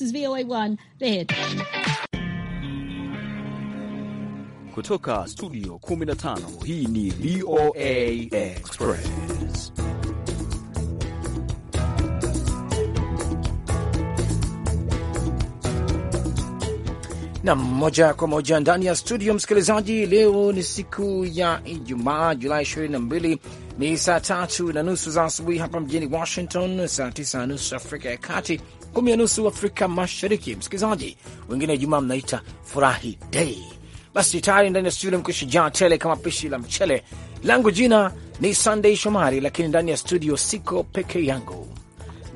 is VOA1 The Hit. Kutoka studio 15 hii ni VOA Express. Na moja kwa moja ndani ya studio, msikilizaji, leo ni siku ya Ijumaa, Julai 22 ni saa tatu na nusu za asubuhi hapa mjini Washington, saa tisa na nusu Afrika ya Kati kumi na nusu Afrika Mashariki. Msikilizaji wengine jumaa mnaita furahi dei. Basi tayari ndani ya studio jaa tele kama pishi la mchele langu. Jina ni Sunday Shomari, lakini ndani ya studio siko peke yangu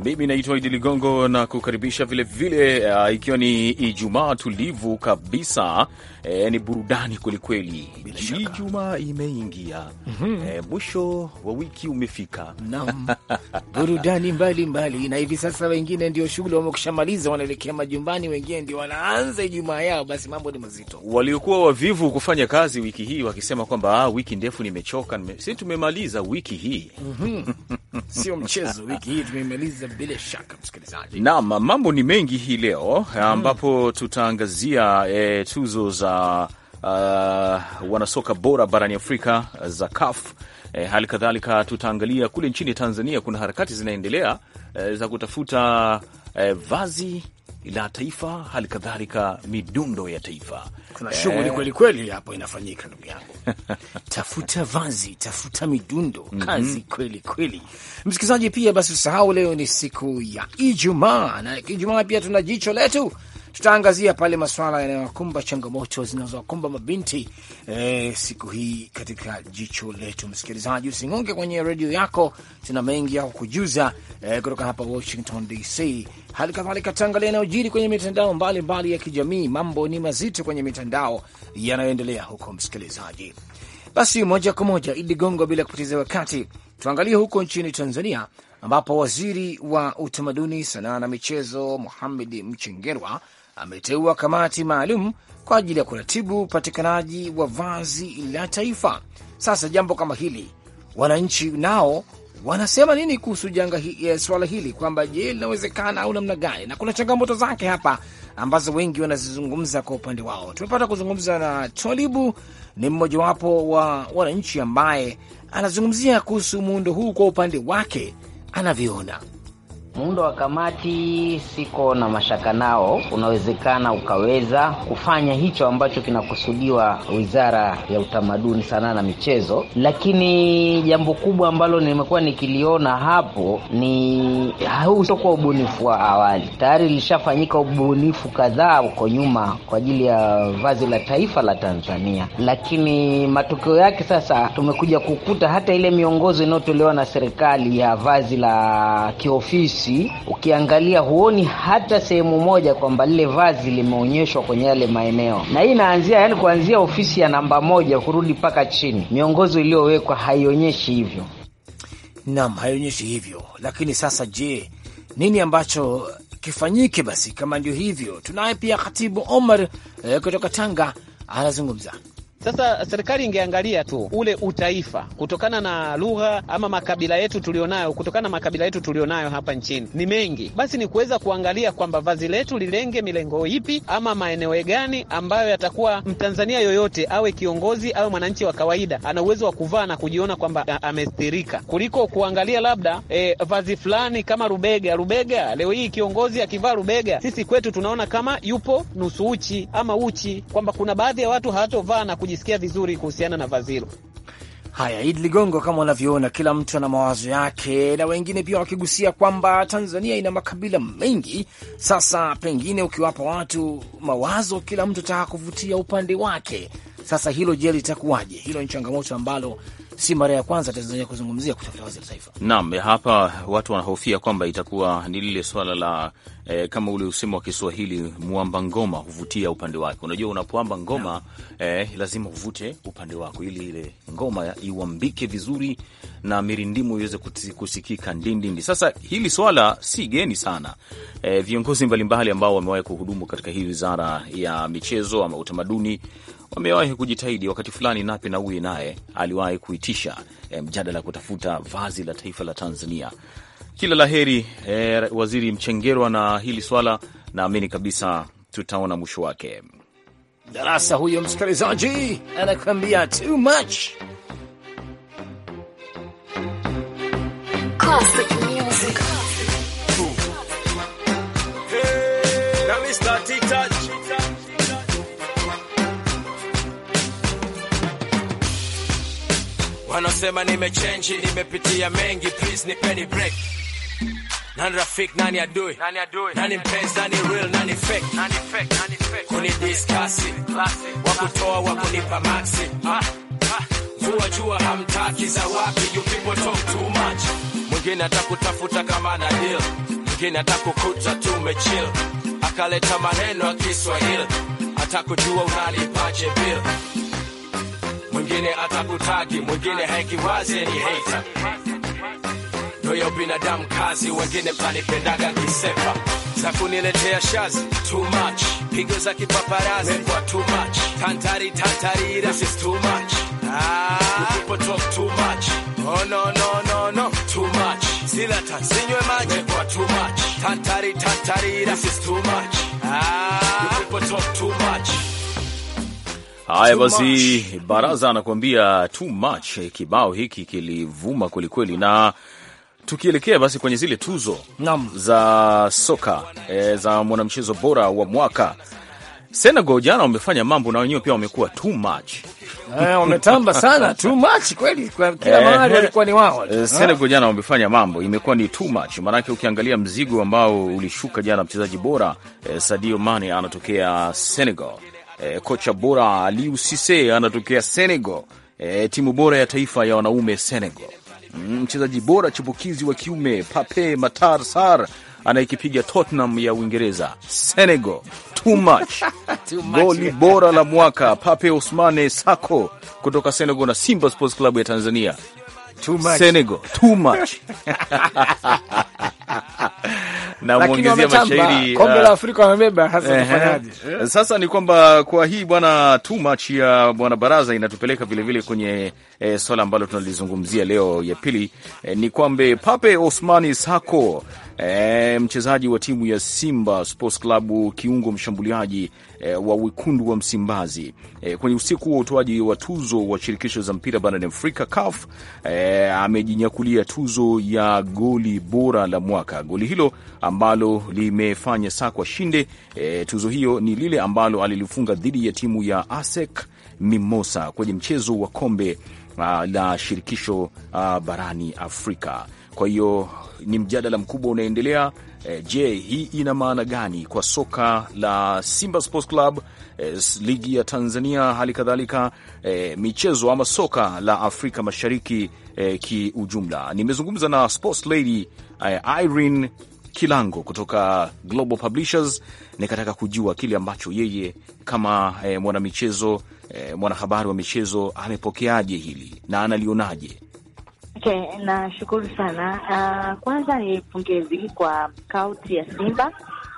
mimi naitwa Idi Ligongo na kukaribisha vilevile vile, uh, ikiwa ni Ijumaa tulivu kabisa eh, ni burudani kwelikweli. Ijumaa imeingia mm -hmm. eh, mwisho wa wiki umefika nam burudani mbalimbali mbali. Na hivi sasa wengine ndio shughuli wamekushamaliza, wanaelekea majumbani, wengine ndio wanaanza Ijumaa yao. Basi mambo ni mazito. Waliokuwa wavivu kufanya kazi wiki hii wakisema kwamba ah, wiki ndefu nimechoka nime... si tumemaliza wiki hii mm -hmm. Sio mchezo, wiki hii tumemaliza kusikiliza bila shaka msikilizaji. Naam, mambo ni mengi hii leo ambapo tutaangazia e, tuzo za uh, wanasoka bora barani Afrika za CAF. E, hali kadhalika tutaangalia kule nchini Tanzania kuna harakati zinaendelea e, za kutafuta eh, vazi la taifa, hali kadhalika midundo ya taifa. Kuna shughuli eh, kweli kweli hapo inafanyika, ndugu yangu tafuta vazi, tafuta midundo, mhm. kazi mm -hmm. kweli kweli, msikilizaji. Pia basi usahau, leo ni siku ya Ijumaa na Ijumaa pia tuna jicho letu tutaangazia pale masuala yanayowakumba changamoto zinazowakumba mabinti e, siku hii katika jicho letu. Msikilizaji, usingonge kwenye redio yako, tuna mengi ya kukujuza e, kutoka hapa Washington DC. Hali kadhalika tutaangalia yanayojiri kwenye mitandao mbalimbali mbali ya kijamii. Mambo ni mazito kwenye mitandao yanayoendelea huko, msikilizaji. Basi moja kwa moja, Idi Gongo, bila kupoteza wakati, tuangalie huko nchini Tanzania ambapo waziri wa utamaduni, sanaa na michezo Mohamed Mchengerwa ameteua kamati maalum kwa ajili ya kuratibu upatikanaji wa vazi la taifa. Sasa jambo kama hili, wananchi nao wanasema nini kuhusu janga hi, eh, swala hili kwamba je, linawezekana au namna gani? Na kuna changamoto zake hapa ambazo wengi wanazizungumza kwa upande wao. Tumepata kuzungumza na Twalibu, ni mmojawapo wa wananchi ambaye anazungumzia kuhusu muundo huu kwa upande wake anavyoona. Muundo wa kamati siko na mashaka nao, unawezekana ukaweza kufanya hicho ambacho kinakusudiwa Wizara ya Utamaduni, Sanaa na Michezo. Lakini jambo kubwa ambalo nimekuwa nikiliona hapo ni huu sio kwa ubunifu wa awali, tayari ilishafanyika ubunifu kadhaa huko nyuma kwa ajili ya vazi la taifa la Tanzania, lakini matokeo yake sasa tumekuja kukuta hata ile miongozo inayotolewa na serikali ya vazi la kiofisi nyeusi, ukiangalia huoni hata sehemu moja kwamba lile vazi limeonyeshwa kwenye yale maeneo, na hii inaanzia yani kuanzia ofisi ya namba moja kurudi mpaka chini, miongozo iliyowekwa haionyeshi hivyo. Naam, haionyeshi hivyo. Lakini sasa, je, nini ambacho kifanyike? Basi kama ndio hivyo, tunaye pia Katibu Omar eh, kutoka Tanga anazungumza. Sasa serikali ingeangalia tu ule utaifa kutokana na lugha ama makabila yetu tulionayo, kutokana na makabila yetu tulionayo hapa nchini ni mengi, basi ni kuweza kuangalia kwamba vazi letu lilenge milengo ipi ama maeneo gani ambayo yatakuwa Mtanzania yoyote awe kiongozi awe mwananchi wa kawaida ana uwezo wa kuvaa na kujiona kwamba amestirika, kuliko kuangalia labda e, vazi fulani kama rubega. Rubega leo hii kiongozi akivaa rubega, sisi kwetu tunaona kama yupo nusu uchi ama uchi, kwamba kuna baadhi ya watu hawatovaa na kuji kujisikia vizuri kuhusiana na vazi hilo. Haya, Idi Ligongo, kama unavyoona, kila mtu ana mawazo yake, na wengine pia wakigusia kwamba Tanzania ina makabila mengi. Sasa pengine ukiwapa watu mawazo, kila mtu ataka kuvutia upande wake. Sasa hilo je, litakuwaje? Hilo ni changamoto ambalo si mara ya kwanza Tanzania kuzungumzia kutafuta vazi la taifa. Naam, eh, hapa watu wanahofia kwamba itakuwa ni lile swala la eh, kama ule usemo wa Kiswahili, mwamba ngoma huvutia upande wake. Unajua, unapoamba ngoma eh, lazima uvute upande wako, ili ile ngoma iwambike vizuri na mirindimu iweze kusikika ndindindi. Sasa hili swala si geni sana e, viongozi mbalimbali ambao wamewahi kuhudumu katika hii wizara ya michezo ama utamaduni wamewahi kujitahidi wakati fulani. Nape Nnauye naye aliwahi kuitisha eh, mjadala kutafuta vazi la taifa la Tanzania. Kila la heri eh, Waziri Mchengerwa na hili swala, naamini kabisa tutaona mwisho wake. Darasa huyo msikilizaji anakuambia too much. wanasema nimechange, nimepitia mengi, please nipeni break. Nani rafik, nani adui, nani adui, nani mpenzi, nani real, nani fake, nani fake, nani fake, kuni discuss wakutoa, wakunipa maxi ah, ah. jua jua, hamtaki za wapi, you people talk too much. Mwingine atakutafuta kama na deal, mwingine atakukuta tumechill, akaleta maneno ya Kiswahili, atakujua unalipaje bill mwingine atakutaki, mwingine haikiwazi ni hater Ndoyo binadamu kazi, wengine panipendaga kisepa za kuniletea shazi too much, pigo za kipaparazi mekwa too much, tantari tantari this is too much ah, people talk too much oh no no no no too much, sila tansinywe maji mekwa too much, tantari tantari this is too much ah, people talk too much Haya basi, Baraza anakuambia too much. Kibao hiki kilivuma kwelikweli, na tukielekea basi kwenye zile tuzo Nam. za soka e, za mwanamchezo bora wa mwaka Senegal jana wamefanya mambo na wenyewe pia wamekuwa too much eh, wametamba sana too much kweli, kwa kila mahali walikuwa ni wao. E, Senegal jana wamefanya mambo, imekuwa ni too much, maanake ukiangalia mzigo ambao ulishuka jana mchezaji bora eh, Sadio Mane anatokea Senegal E, kocha bora Aliou Cisse anatokea Senegal. E, timu bora ya taifa ya wanaume Senegal. Mm, mchezaji mm, bora chipukizi wa kiume Pape Matar sar anayekipiga Tottenham ya Uingereza, Senegal. Too Too much. Goli bora la mwaka Pape Ousmane Sako kutoka Senegal na Simba Sports Club ya Tanzania. Too much. Senegal. Too much. na mashairi kombe la uh, Afrika wamebeba. Sasa tufanyaje? Eh? Sasa ni kwamba kwa hii bwana too much ya bwana Baraza inatupeleka vilevile vile kwenye e, swala ambalo tunalizungumzia leo ya pili e, ni kwamba Pape Osmani Sako E, mchezaji wa timu ya Simba Sports Club kiungo mshambuliaji e, wa wekundu wa Msimbazi e, kwenye usiku wa utoaji wa tuzo wa shirikisho za mpira barani Afrika CAF e, amejinyakulia tuzo ya goli bora la mwaka. Goli hilo ambalo limefanya sakwa shinde e, tuzo hiyo ni lile ambalo alilifunga dhidi ya timu ya ASEC Mimosa kwenye mchezo wa kombe la shirikisho barani Afrika. Kwa hiyo ni mjadala mkubwa unaendelea. E, je, hii ina maana gani kwa soka la Simba Sports Club, e, ligi ya Tanzania, hali kadhalika e, michezo ama soka la Afrika Mashariki e, kiujumla? Nimezungumza na sports lady e, Irene Kilango kutoka Global Publishers, nikataka kujua kile ambacho yeye kama e, mwanamichezo e, mwanahabari wa michezo amepokeaje hili na analionaje. Okay, nashukuru sana. Uh, kwanza ni pongezi kwa kaunti ya Simba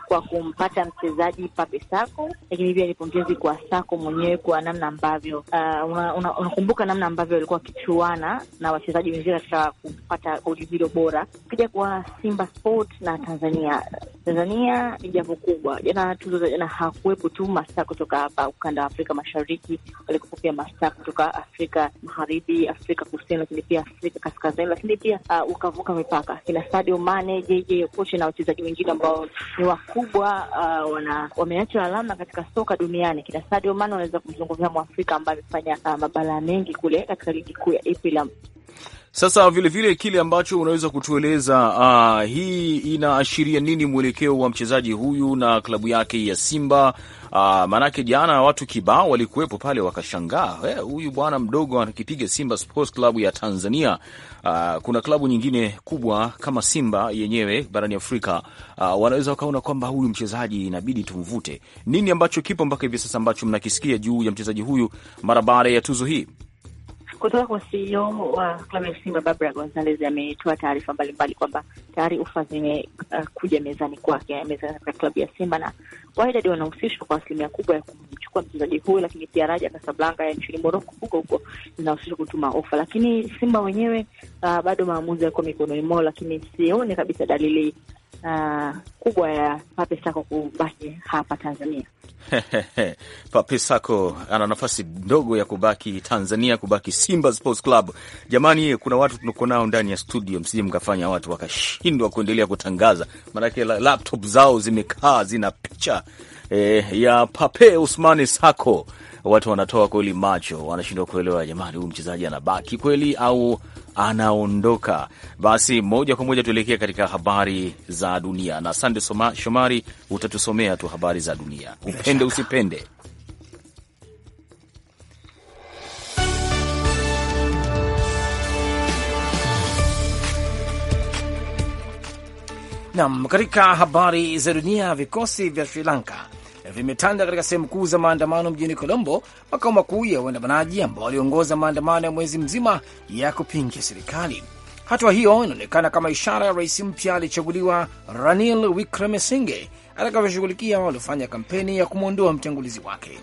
kwa kumpata mchezaji Pape Sako, lakini pia ni pongezi kwa Sako mwenyewe kwa namna ambavyo uh, unakumbuka una, una namna ambavyo walikuwa wakichuana na wachezaji wenzake katika kupata goli hilo bora. Ukija kwa Simba Sport na Tanzania, Tanzania ni jambo kubwa. Jana tuzo za jana hakuwepo tu mastaa kutoka hapa ukanda wa Afrika Mashariki, walikuwepo pia mastaa kutoka Afrika Magharibi, Afrika Kusini, lakini pia Afrika Kaskazini, lakini pia uh, ukavuka mipaka kina Sadio Mane, JJ Okocha na wachezaji wengine ambao ni wa wakubwa uh, wana wameacha alama katika soka duniani. Kina Sadio Mane wanaweza kumzungumzia Mwafrika ambaye amefanya uh, mabala mengi kule katika ligi kuu ya EPL. Sasa vilevile vile kile ambacho unaweza kutueleza uh, hii inaashiria nini mwelekeo wa mchezaji huyu na klabu yake ya Simba? Uh, maanake jana watu kibao walikuwepo pale wakashangaa, eh, huyu bwana mdogo anakipiga Simba Sports Club ya Tanzania. Uh, kuna klabu nyingine kubwa kama Simba yenyewe barani Afrika, uh, wanaweza wakaona kwamba huyu mchezaji inabidi tumvute. Nini ambacho kipo mpaka hivi sasa ambacho mnakisikia juu ya mchezaji huyu mara baada ya tuzo hii? Kutoka kwa CEO wa klabu ya Simba Barbara Gonzalez ametoa taarifa mbalimbali kwamba tayari ofa zimekuja uh, mezani kwake mezani katika klabu ya Simba na Wydad wanahusishwa kwa asilimia kubwa ya kumchukua mchezaji huyo, lakini pia Raja Kasablanka ya nchini Moroko huko huko inahusishwa kutuma ofa, lakini Simba wenyewe uh, bado maamuzi yako mikononi mwao, lakini sione kabisa dalili uh, kubwa ya Sako kubaki hapa Tanzania. Sako ana nafasi ndogo ya kubaki Tanzania, kubaki Simba Sports Club. Jamani, kuna watu tunako nao ndani ya studio, msije mkafanya watu wakashindwa kuendelea kutangaza, maanake laptop zao zimekaa zina picha eh, ya Pape Usmani Sako watu wanatoa kweli macho, wanashindwa kuelewa, jamani, huyu mchezaji anabaki kweli au anaondoka? Basi moja kwa moja tuelekea katika habari za dunia, na Sande Shomari utatusomea tu habari za dunia, upende usipende. Nam, katika habari za dunia, vikosi vya Sri Lanka vimetanda katika sehemu kuu za maandamano mjini Colombo, makao makuu ya waandamanaji ambao waliongoza maandamano ya mwezi mzima ya kupinga serikali. Hatua hiyo inaonekana kama ishara ya rais mpya aliyechaguliwa Ranil Wickremesinghe atakavyoshughulikia waliofanya kampeni ya kumwondoa mtangulizi wake.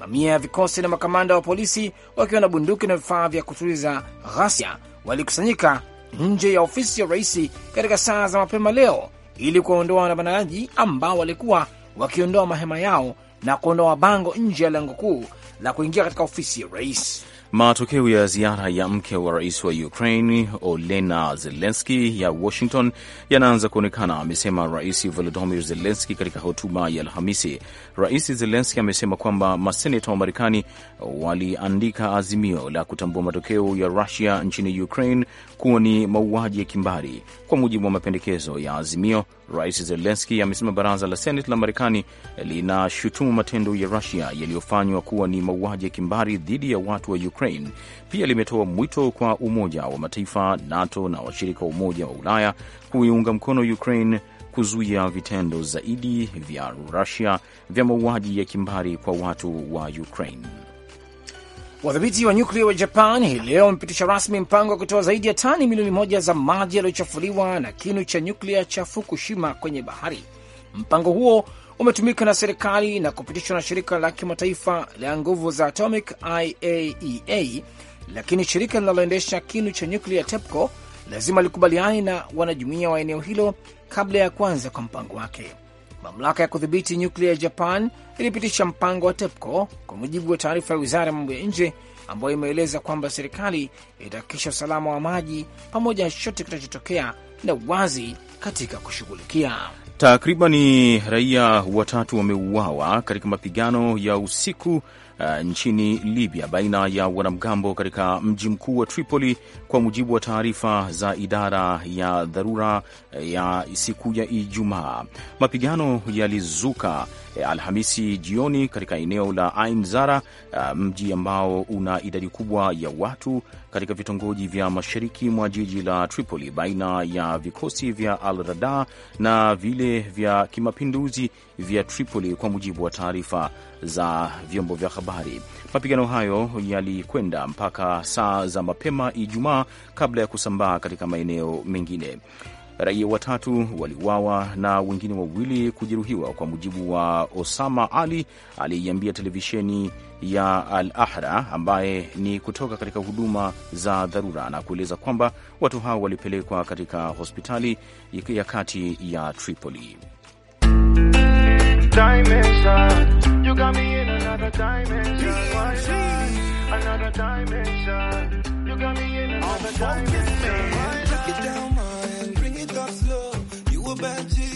Mamia ya vikosi na makamanda wa polisi wakiwa na bunduki na vifaa vya kutuliza ghasia walikusanyika nje ya ofisi ya rais katika saa za mapema leo ili kuwaondoa waandamanaji ambao walikuwa wakiondoa mahema yao na kuondoa bango nje ya lango kuu la kuingia katika ofisi ya rais. Matokeo ya ziara ya mke wa rais wa Ukraine Olena Zelenski ya Washington yanaanza kuonekana, amesema Rais Volodymyr Zelenski katika hotuba ya Alhamisi. Rais Zelenski amesema kwamba maseneta wa Marekani waliandika azimio la kutambua matokeo ya Rusia nchini Ukraine kuwa ni mauaji ya kimbari. Kwa mujibu wa mapendekezo ya azimio, Rais Zelenski amesema baraza la Seneti la Marekani linashutumu matendo ya Rusia yaliyofanywa kuwa ni mauaji ya kimbari dhidi ya watu wa Ukraine Ukraine. Pia limetoa mwito kwa Umoja wa Mataifa, NATO na washirika wa Umoja wa Ulaya kuiunga mkono Ukraine kuzuia vitendo zaidi vya Rusia vya mauaji ya kimbari kwa watu wa Ukraine. Wadhibiti wa nyuklia wa Japan hii leo wamepitisha rasmi mpango wa kutoa zaidi ya tani milioni moja za maji yaliyochafuliwa na kinu cha nyuklia cha Fukushima kwenye bahari. Mpango huo umetumika na serikali na kupitishwa na shirika la kimataifa la nguvu za atomic IAEA, e lakini shirika linaloendesha kinu cha nyuklia TEPCO lazima likubaliane na wanajumuia wa eneo hilo kabla ya kuanza kwa mpango wake. Mamlaka ya kudhibiti nyuklia ya Japan ilipitisha mpango wa TEPCO kwa mujibu wa taarifa ya wizara ya mambo ya nje ambayo imeeleza kwamba serikali itahakikisha usalama wa maji pamoja na chochote kitachotokea na uwazi katika kushughulikia Takribani raia watatu wameuawa katika mapigano ya usiku uh, nchini Libya baina ya wanamgambo katika mji mkuu wa Tripoli, kwa mujibu wa taarifa za idara ya dharura uh, ya siku ya Ijumaa. Mapigano yalizuka Eh, Alhamisi jioni katika eneo la Ain Zara, eh, mji ambao una idadi kubwa ya watu katika vitongoji vya mashariki mwa jiji la Tripoli, baina ya vikosi vya Al Rada na vile vya kimapinduzi vya Tripoli, kwa mujibu wa taarifa za vyombo vya habari. Mapigano hayo yalikwenda mpaka saa za mapema Ijumaa kabla ya kusambaa katika maeneo mengine raia watatu waliuawa na wengine wawili kujeruhiwa, kwa mujibu wa Osama Ali aliyeiambia televisheni ya Al Ahra ambaye ni kutoka katika huduma za dharura, na kueleza kwamba watu hao walipelekwa katika hospitali ya kati ya Tripoli. back to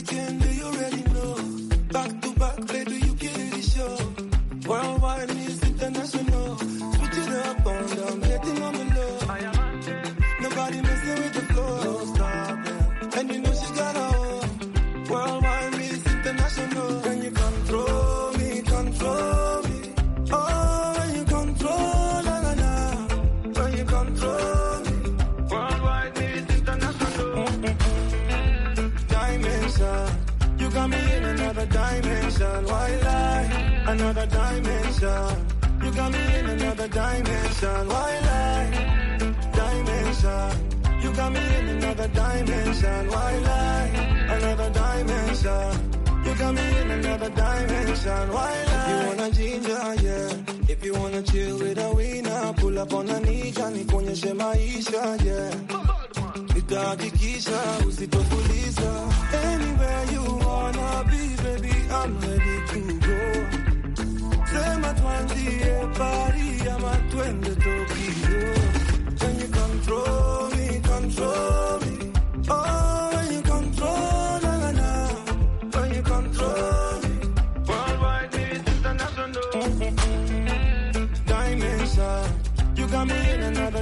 dimension. You got me in another dimension. Why lie? Dimension. You got me in another dimension. Why lie? Another dimension. You got me in another dimension. Why lie? You wanna ginger, yeah. If you wanna chill with a winner, pull up on a nija, nikuonyeshe maisha, yeah. Nitahakikisha usitotuliza. Anywhere you wanna be, baby, I'm ready.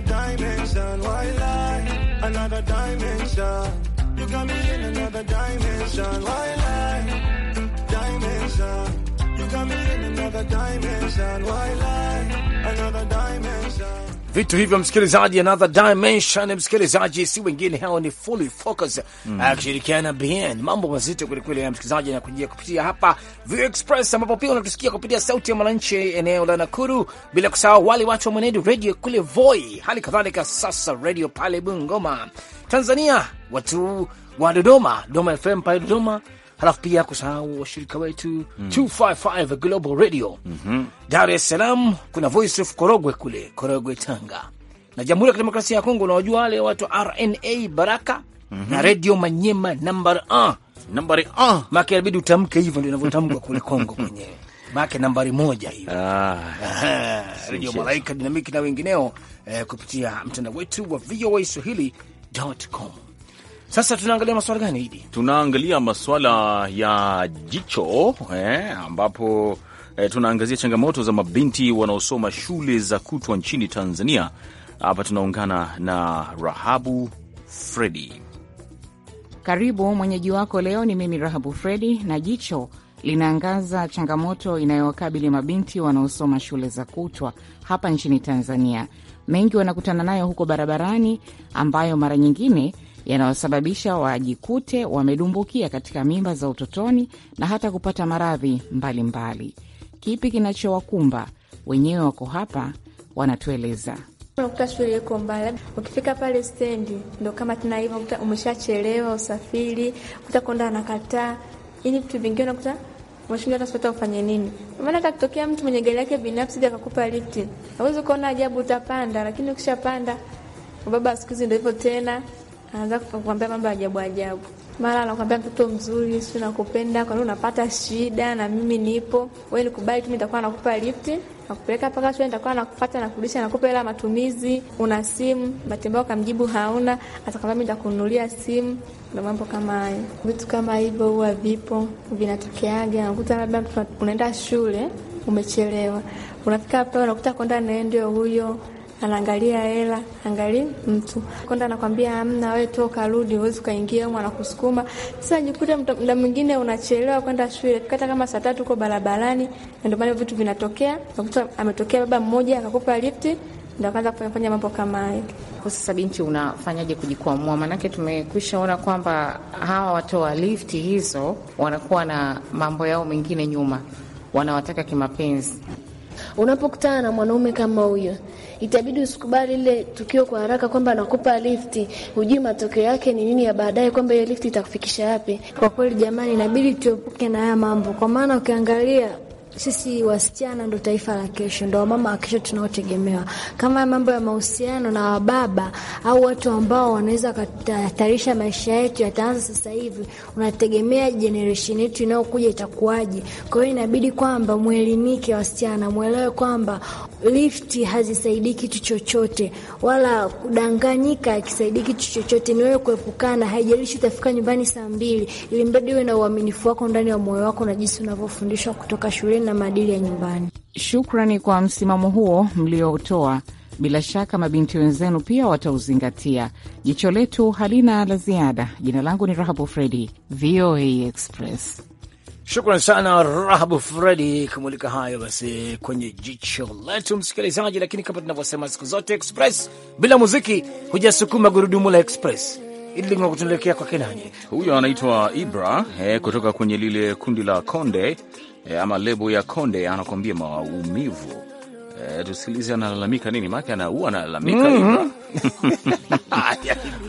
another dimension. Why lie? Another dimension. You got me in another dimension. Why lie? Dimension. You got me in another dimension. Why lie? Another dimension. vitu hivyo, msikilizaji, another dimension, msikilizaji, si wengine hao ni fully focus mm. akishirikiana ah, BN. Mambo mazito kwelikweli kweli ya msikilizaji, anakujia kupitia hapa View Express, ambapo pia unatusikia kupitia sauti ya mwananchi eneo la Nakuru, bila kusahau wale watu wa Mwenedu Radio kule Voi, hali kadhalika sasa radio pale Bungoma, Tanzania, watu wa Dodoma, Dodoma FM pale Dodoma halafu pia kusahau washirika wetu mm. 255 Global Radio mm -hmm. Dar es Salaam kuna Voice of Korogwe kule Korogwe, Tanga na Jamhuri ya Kidemokrasia ya Kongo. Unawajua wale watu RNA Baraka mm -hmm. na Redio Manyema number 1 nambari ah, maake inabidi utamke hivyo, ndio inavyotamkwa kule Kongo kwenyewe, make nambari moja hiyo ah, Redio Malaika Dinamiki na wengineo eh, kupitia mtandao wetu wa VOA Swahili.com. Sasa tunaangalia maswala gani hidi? Tunaangalia maswala ya jicho eh, ambapo eh, tunaangazia changamoto za mabinti wanaosoma shule za kutwa nchini Tanzania. Hapa tunaungana na Rahabu Fredi. Karibu mwenyeji wako leo ni mimi Rahabu Fredi, na jicho linaangaza changamoto inayowakabili mabinti wanaosoma shule za kutwa hapa nchini Tanzania. Mengi wanakutana nayo huko barabarani, ambayo mara nyingine yanayosababisha wajikute wamedumbukia katika mimba za utotoni na hata kupata maradhi mbalimbali. Kipi kinachowakumba wenyewe? Wako hapa wanatueleza. Unakuta shule iko mbali, ukifika pale stendi ndo kama tena hivyo, unakuta umeshachelewa usafiri, kuta konda anakataa, ini yaani vitu vingine unakuta umeshindwa hata sasa ufanye nini. Maana katokea mtu mwenye gari yake binafsi akakupa lifti, awezi ukaona ajabu, utapanda. Lakini ukishapanda, baba siku hizi ndo hivyo tena anaanza kukwambia mambo ya ajabu ajabu, mara anakwambia mtoto mzuri, si nakupenda, kwa nini unapata shida na mimi nipo, wewe nikubali tu, nitakuwa nakupa lifti nakupeleka mpaka shule, nitakuwa nakufata na kurudisha, nakupa hela matumizi. Una simu matembeo, kamjibu hauna, atakwambia mi nitakununulia simu na mambo kama hayo. Vitu kama hivyo huwa vipo, vinatokeaga. Nakuta labda unaenda shule umechelewa, unafika pale unakuta konda naye ndio huyo anaangalia hela, angali mtu konda, anakwambia amna, wewe toka, rudi, uwezi ukaingia huko, anakusukuma. Sasa jikuta muda mwingine unachelewa kwenda shule, hata kama saa tatu uko barabarani, na ndio maana vitu vinatokea. Unakuta ametokea baba mmoja akakupa lifti ndakaanza kufanya mambo kama hayo. Sasa binti, unafanyaje kujikwamua? Maanake tumekwisha ona kwamba hawa watoa lifti hizo wanakuwa na mambo yao mengine nyuma, wanawataka kimapenzi. Unapokutana na mwanaume kama huyo, itabidi usikubali lile tukio kwa haraka, kwamba anakupa lifti, hujui matokeo yake ni nini ya baadaye, kwamba hiyo lifti itakufikisha wapi. Kwa kweli, jamani, inabidi tuepuke na haya mambo, kwa maana ukiangalia sisi wasichana ndo taifa la kesho, ndo wamama wa kesho tunaotegemewa. Kama mambo ya mahusiano na wababa au watu ambao wanaweza wakahatarisha maisha yetu yataanza sasa hivi, unategemea jenereshen yetu inayokuja itakuwaje? Kwa hiyo inabidi kwamba mwelimike wasichana, mwelewe kwamba lifti hazisaidii kitu chochote, wala kudanganyika akisaidii kitu chochote. Ni wewe kuepukana, haijalishi utafika nyumbani saa mbili, ili mradi uwe na uaminifu wako ndani ya moyo wako na jinsi unavyofundishwa kutoka shuleni shuleni na maadili ya nyumbani. Shukrani kwa msimamo huo mlioutoa. Bila shaka mabinti wenzenu pia watauzingatia. Jicho letu halina la ziada. Jina langu ni Rahabu Fredi, VOA Express. Shukran sana Rahabu Fredi kumulika hayo basi kwenye jicho letu, msikilizaji. Lakini kama tunavyosema siku zote, Express bila muziki hujasukuma gurudumu la Express. Idlikutuelekea kwa kenani, huyo anaitwa Ibra eh, kutoka kwenye lile kundi la Konde e, ama lebo ya Konde anakuambia maumivu. E, tusikilize analalamika nini, maake anaua analalamika mm -hmm.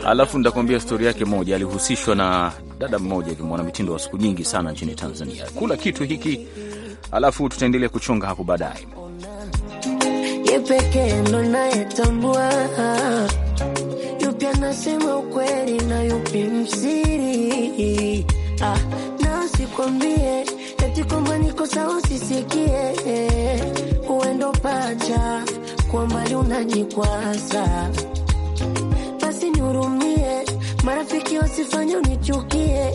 Alafu nitakuambia stori yake moja, alihusishwa na dada mmoja kimwana mitindo wa siku nyingi sana nchini Tanzania, kula kitu hiki, alafu tutaendelea kuchonga hapo baadaye pekee ndo nayetambua yupi anasema ukweli na yupi msiri. Ah, eti kwamba niko sauti sisikie uendo pacha, kwa mbali unajikwasa, basi nihurumie, marafiki wasifanye unichukie,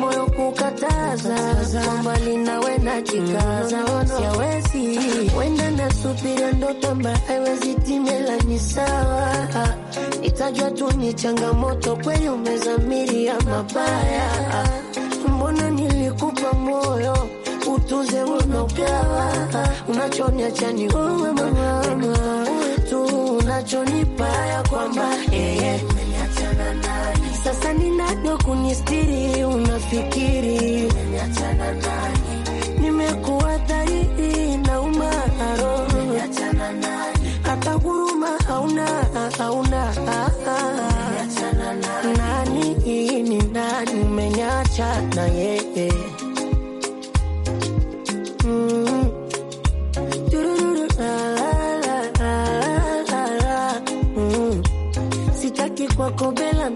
moyo kukataza, kwa mbali nawe najikaza, siawezi wenda nasubiria ndoto ambayo haiwezi timia, ni sawa itajua tu ni changamoto, kweli umezamiria mabaya, mbona kukupa moyo utunze unaogawa, unachoniacha ni wewe mama, tu unachonipa ya kwamba yeye sasa ni nani kunistiri? Unafikiri nimekuwa dhaifu na umaro, hata huruma hauna, hauna nani ni nani, umeniacha na yeye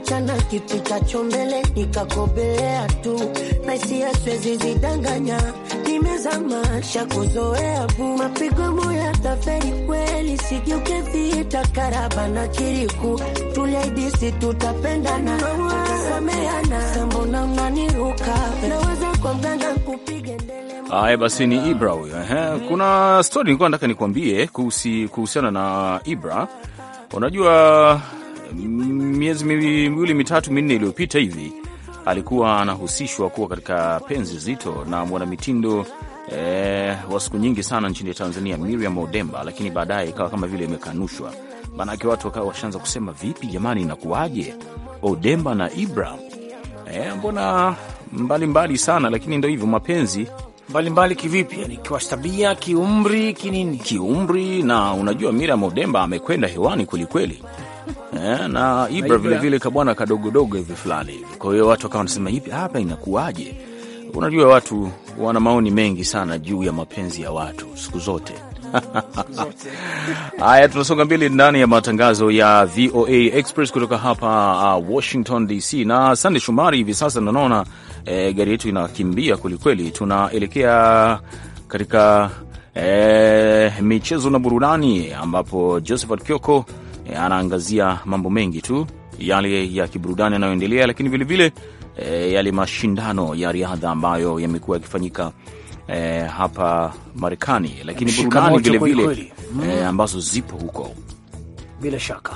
mchana kiti chacho mbele nikakobelea tu na hisia siwezi zidanganya, nimezama shakuzoea bu mapigo moya taferi kweli sigeuke vita karaba na chiriku tuliaidisi tutapendana tusameana sambona mnaniruka naweza kwa mganga kupige ndele Haya basi, ni Ibra huyo. Kuna stori nilikuwa nataka nikwambie kuhusiana na Ibra. Unajua miezi miwili mitatu minne iliyopita hivi alikuwa anahusishwa kuwa katika penzi zito na mwanamitindo eh, wa siku nyingi sana nchini Tanzania Miriam Odemba, lakini baadaye ikawa kama vile imekanushwa. Maanake watu wakawa washaanza kusema vipi, jamani, inakuwaje Odemba na Ibra eh, mbona mbalimbali mbali sana, lakini ndo hivyo mapenzi mbalimbali kivipi? Yani kiwastabia, kiumri, kinini, kiumri. Na unajua Miriam Odemba amekwenda hewani kwelikweli yeah, na Ibra vilevile kabwana kadogodogo hivi fulani hivi. Kwa hiyo watu wakawa wanasema hivi, hapa inakuwaje? Unajua, watu wana maoni mengi sana juu ya mapenzi ya watu siku zote. Haya, tunasonga mbele ndani ya matangazo ya VOA Express kutoka hapa uh, Washington DC na Sande Shumari. Hivi sasa naona eh, gari yetu inakimbia kwelikweli, tunaelekea katika eh, michezo na burudani ambapo Josephat Kioko e, anaangazia mambo mengi tu yale ya kiburudani yanayoendelea, lakini vilevile e, eh, yale mashindano ya riadha ambayo yamekuwa yakifanyika e, hapa Marekani, lakini burudani vilevile mm, e, ambazo zipo huko bila shaka.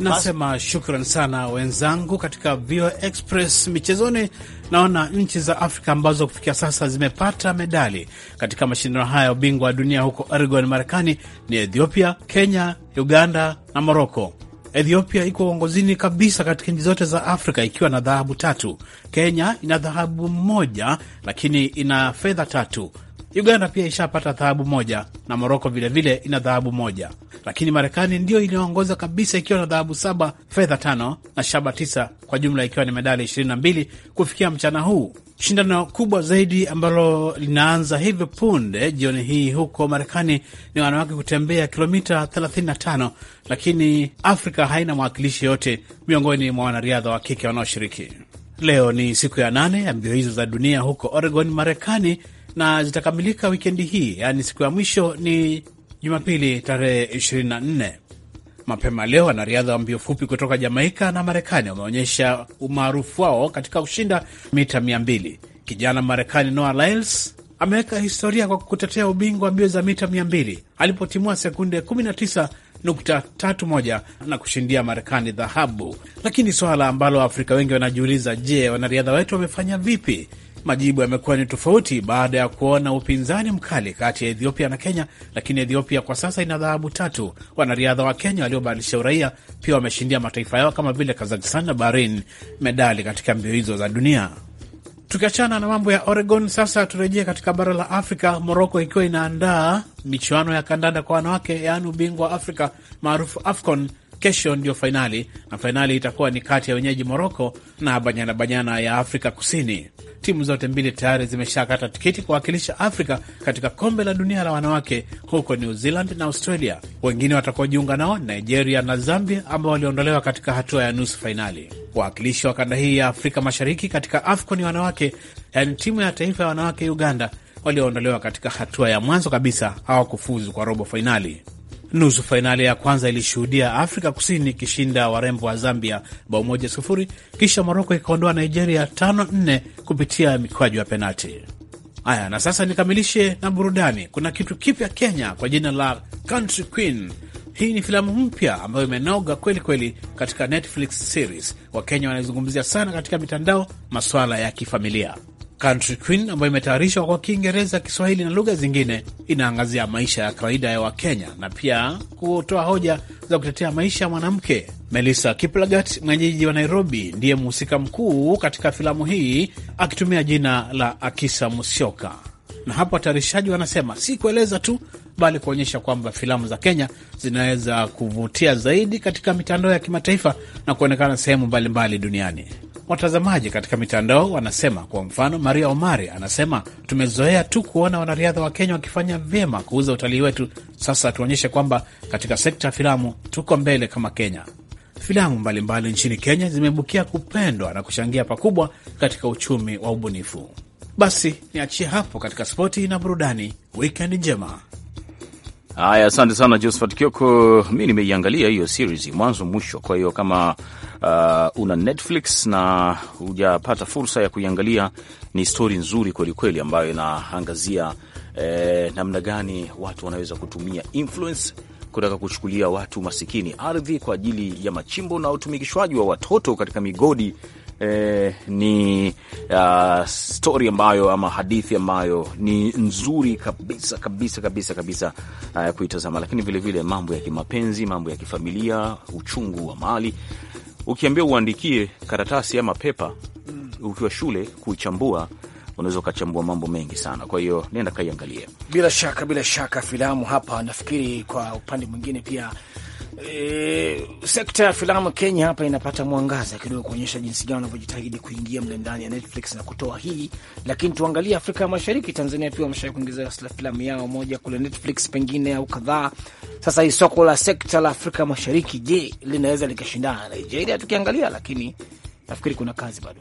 Nasema shukran sana wenzangu katika VOA Express michezoni naona nchi za Afrika ambazo kufikia sasa zimepata medali katika mashindano haya ya ubingwa wa dunia huko Oregon, Marekani ni Ethiopia, Kenya, Uganda na Moroko. Ethiopia iko uongozini kabisa katika nchi zote za Afrika ikiwa na dhahabu tatu. Kenya ina dhahabu moja, lakini ina fedha tatu. Uganda pia ishapata dhahabu moja na Moroko vilevile ina dhahabu moja, lakini Marekani ndiyo iliyoongoza kabisa ikiwa na dhahabu saba, fedha tano na shaba tisa, kwa jumla ikiwa ni medali 22 kufikia mchana huu. Shindano kubwa zaidi ambalo linaanza hivi punde jioni hii huko Marekani ni wanawake kutembea kilomita 35, lakini Afrika haina mwakilishi yote miongoni mwa wanariadha wa kike wanaoshiriki. Leo ni siku ya nane ya mbio hizo za dunia huko Oregon, Marekani, na zitakamilika wikendi hii, yaani siku ya mwisho ni Jumapili tarehe 24. Mapema leo wanariadha wa mbio fupi kutoka Jamaika na Marekani wameonyesha umaarufu wao katika kushinda mita 200. Kijana Marekani Noah Lyles ameweka historia kwa kutetea ubingwa wa mbio za mita 200 alipotimua sekunde 19.31 na kushindia Marekani dhahabu. Lakini swala ambalo Waafrika wengi wanajiuliza, je, wanariadha wetu wamefanya vipi Majibu yamekuwa ni tofauti baada ya kuona upinzani mkali kati ya Ethiopia na Kenya, lakini Ethiopia kwa sasa ina dhahabu tatu. Wanariadha wa Kenya waliobadilisha uraia pia wameshindia mataifa yao kama vile Kazakhstan na Bahrain medali katika mbio hizo za dunia. Tukiachana na mambo ya Oregon, sasa turejee katika bara la Afrika, Moroko ikiwa inaandaa michuano ya kandanda kwa wanawake, yaani ubingwa wa Afrika maarufu AFCON Kesho ndio fainali, na fainali itakuwa ni kati ya wenyeji Moroko na Banyana Banyana ya Afrika Kusini. Timu zote mbili tayari zimeshakata tikiti kuwakilisha Afrika katika kombe la dunia la wanawake huko New Zealand na Australia. Wengine watakaojiunga nao Nigeria na Zambia, ambao waliondolewa katika hatua ya nusu fainali. Wawakilishi wa kanda hii ya Afrika Mashariki katika AFCON ya wanawake, yaani timu ya taifa ya wanawake Uganda walioondolewa katika hatua ya mwanzo kabisa hawakufuzu kwa robo fainali. Nusu fainali ya kwanza ilishuhudia Afrika Kusini ikishinda warembo wa Zambia bao moja sufuri, kisha Moroko ikaondoa Nigeria tano nne kupitia mikwaju ya penalti. Haya, na sasa nikamilishe na burudani. Kuna kitu kipya Kenya kwa jina la Country Queen. Hii ni filamu mpya ambayo imenoga kweli kweli katika Netflix series. Wakenya wanaizungumzia sana katika mitandao, masuala ya kifamilia. Country Queen ambayo imetayarishwa kwa Kiingereza, Kiswahili na lugha zingine, inaangazia maisha ya kawaida ya Wakenya na pia kutoa hoja za kutetea maisha ya mwanamke. Melissa Kiplagat, mwenyeji wa Nairobi, ndiye mhusika mkuu katika filamu hii akitumia jina la Akisa Musyoka. Na hapo watayarishaji wanasema si kueleza tu, bali kuonyesha kwamba filamu za Kenya zinaweza kuvutia zaidi katika mitandao ya kimataifa na kuonekana sehemu mbalimbali duniani. Watazamaji katika mitandao wanasema, kwa mfano Maria Omari anasema tumezoea tu kuona wanariadha wa Kenya wakifanya vyema kuuza utalii wetu. Sasa tuonyeshe kwamba katika sekta ya filamu tuko mbele kama Kenya. Filamu mbalimbali nchini Kenya zimebukia kupendwa na kuchangia pakubwa katika uchumi wa ubunifu. Basi niachie hapo katika spoti na burudani. Wikendi njema. Haya, asante sana Josephat Kioko. Mi nimeiangalia hiyo series mwanzo mwisho, kwa hiyo kama uh, una Netflix na hujapata fursa ya kuiangalia, ni stori nzuri kwelikweli ambayo inaangazia eh, namna gani watu wanaweza kutumia influence kutaka kuchukulia watu masikini ardhi kwa ajili ya machimbo na utumikishwaji wa watoto katika migodi eh, ni uh, ah, stori ambayo ama hadithi ambayo ni nzuri kabisa kabisa kabisa kabisa uh, kuitazama, lakini vilevile mambo ya kimapenzi, mambo ya kifamilia, uchungu wa mali, ukiambia uandikie karatasi ama pepa ukiwa shule kuichambua unaweza ukachambua mambo mengi sana. Kwa hiyo nenda kaiangalia. Bila shaka, bila shaka filamu hapa, nafikiri kwa upande mwingine pia E, sekta ya filamu Kenya hapa inapata mwangaza kidogo kuonyesha jinsi gani wanavyojitahidi kuingia mle ndani ya Netflix na kutoa hii, lakini tuangalie Afrika ya Mashariki. Tanzania pia wamesha kuingiza filamu yao moja kule Netflix pengine au kadhaa. Sasa hii soko la sekta la Afrika Mashariki, je, linaweza likashindana na Nigeria? Tukiangalia, lakini nafikiri kuna kazi bado.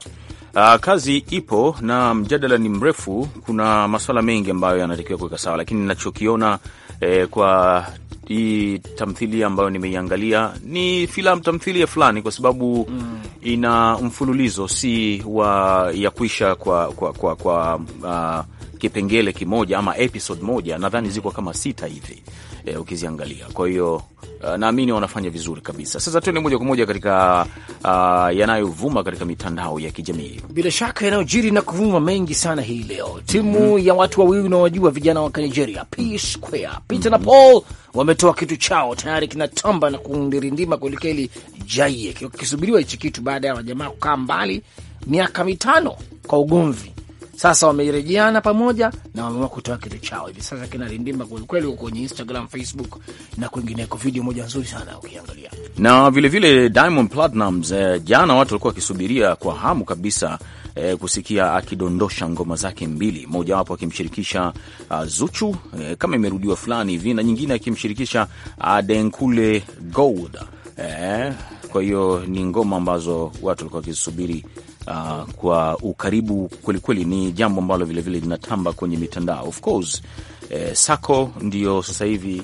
Uh, kazi ipo na mjadala ni mrefu. Kuna masuala mengi ambayo yanatakiwa kuweka sawa, lakini ninachokiona eh, kwa hii tamthilia ambayo nimeiangalia ni filamu tamthilia fulani, kwa sababu mm. ina mfululizo si wa ya kuisha kwa, kwa, kwa, kwa uh, kipengele kimoja ama episode moja, nadhani ziko kama sita hivi e, ukiziangalia. Kwa hiyo uh, naamini wanafanya vizuri kabisa. Sasa tuende moja kwa moja katika uh, yanayovuma katika mitandao ya kijamii. Bila shaka yanayojiri na kuvuma mengi sana hii leo, timu mm -hmm. ya watu wawili unaowajua vijana wa Nigeria P Square Peter mm -hmm. na Paul wametoa kitu chao tayari kinatamba na kundirindima kwelikweli, jaie kisubiriwa hichi kitu baada ya wajamaa kukaa mbali miaka mitano kwa ugomvi sasa wameirejeana pamoja na wameamua kutoa kitu chao. Hivi sasa kinarindima kwelikweli kwenye Instagram, Facebook na kwingineko. Video moja nzuri sana ukiangalia. Na vilevile vile Diamond Platnumz eh, jana watu walikuwa wakisubiria kwa hamu kabisa eh, kusikia akidondosha ngoma zake mbili, mojawapo akimshirikisha uh, Zuchu eh, kama imerudiwa fulani hivi na nyingine akimshirikisha uh, Gold eh, kwa hiyo ni ngoma ambazo watu walikuwa wakisubiri uh, kwa ukaribu kwelikweli. Ni jambo ambalo vilevile linatamba kwenye mitandao of course. Eh, Sako ndio sasa hivi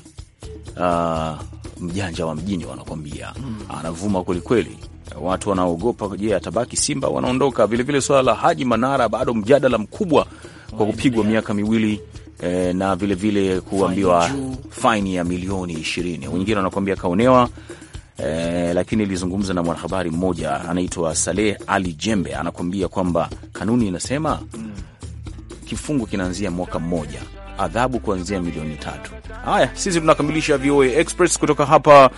uh, mjanja wa mjini wanakwambia, hmm. anavuma kwelikweli watu wanaogopa. Je, atabaki Simba? Wanaondoka vilevile. Swala la Haji Manara bado mjadala mkubwa kwa kupigwa miaka miwili eh, na vilevile kuambiwa faini ya milioni ishirini. Wengine wanakwambia kaonewa, eh, lakini ilizungumza na mwanahabari mmoja anaitwa Saleh Ali Jembe, anakuambia kwamba kanuni inasema kifungo kinaanzia mwaka mmoja, adhabu kuanzia milioni tatu. Haya, sisi tunakamilisha VOA Express kutoka hapa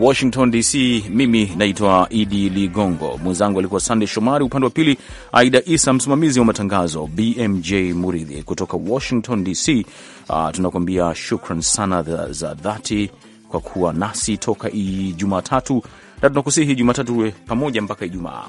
Washington DC. Mimi naitwa Idi Ligongo, mwenzangu alikuwa Sandey Shomari, upande wa pili Aida Isa, msimamizi wa matangazo BMJ Muridhi kutoka Washington DC. Uh, ah, tunakuambia shukran sana za dhati kwa kuwa nasi toka Jumatatu, na tunakusihi Jumatatu uwe pamoja mpaka Ijumaa.